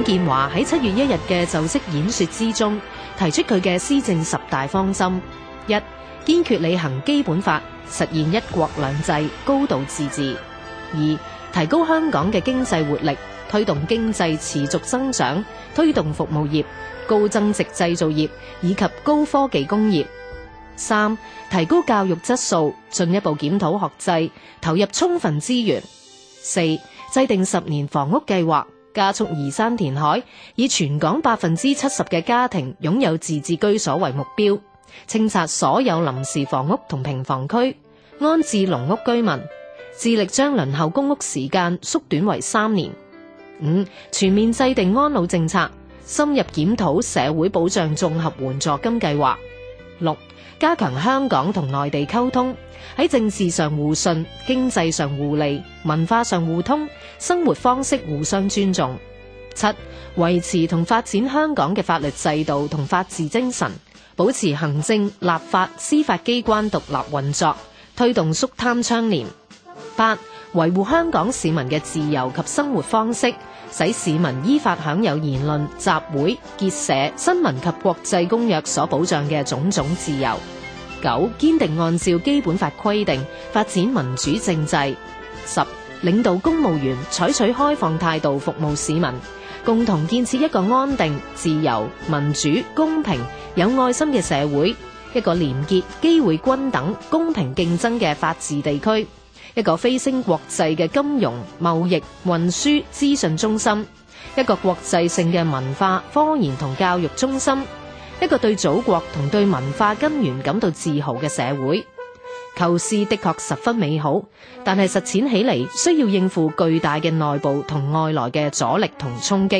董建華喺七月一日嘅就職演說之中，提出佢嘅施政十大方針：一、堅決履行基本法，實現一國兩制、高度自治；二、提高香港嘅經濟活力，推動經濟持續增長，推動服務業、高增值製造業以及高科技工業；三、提高教育質素，進一步檢討學制，投入充分資源；四、制定十年房屋計劃。加速移山填海，以全港百分之七十嘅家庭擁有自置居所為目標，清拆所有臨時房屋同平房區，安置農屋居民，致力將輪候公屋時間縮短為三年。五、全面制定安老政策，深入檢討社會保障綜合援助金計劃。六、加強香港同內地溝通，喺政治上互信，經濟上互利，文化上互通，生活方式互相尊重。七、維持同發展香港嘅法律制度同法治精神，保持行政、立法、司法機關獨立運作，推動肅貪倡廉。八、維護香港市民嘅自由及生活方式，使市民依法享有言論、集會、結社、新聞及國際公約所保障嘅種種自由。九、堅定按照基本法規定發展民主政制。十、領導公務員採取開放態度服務市民，共同建設一個安定、自由、民主、公平、有愛心嘅社會，一個廉潔、機會均等、公平競爭嘅法治地區。一個蜚聲國際嘅金融、貿易、運輸、資訊中心，一個國際性嘅文化、科研同教育中心，一個對祖國同對文化根源感到自豪嘅社會，構思的確十分美好，但係實踐起嚟需要應付巨大嘅內部同外來嘅阻力同衝擊。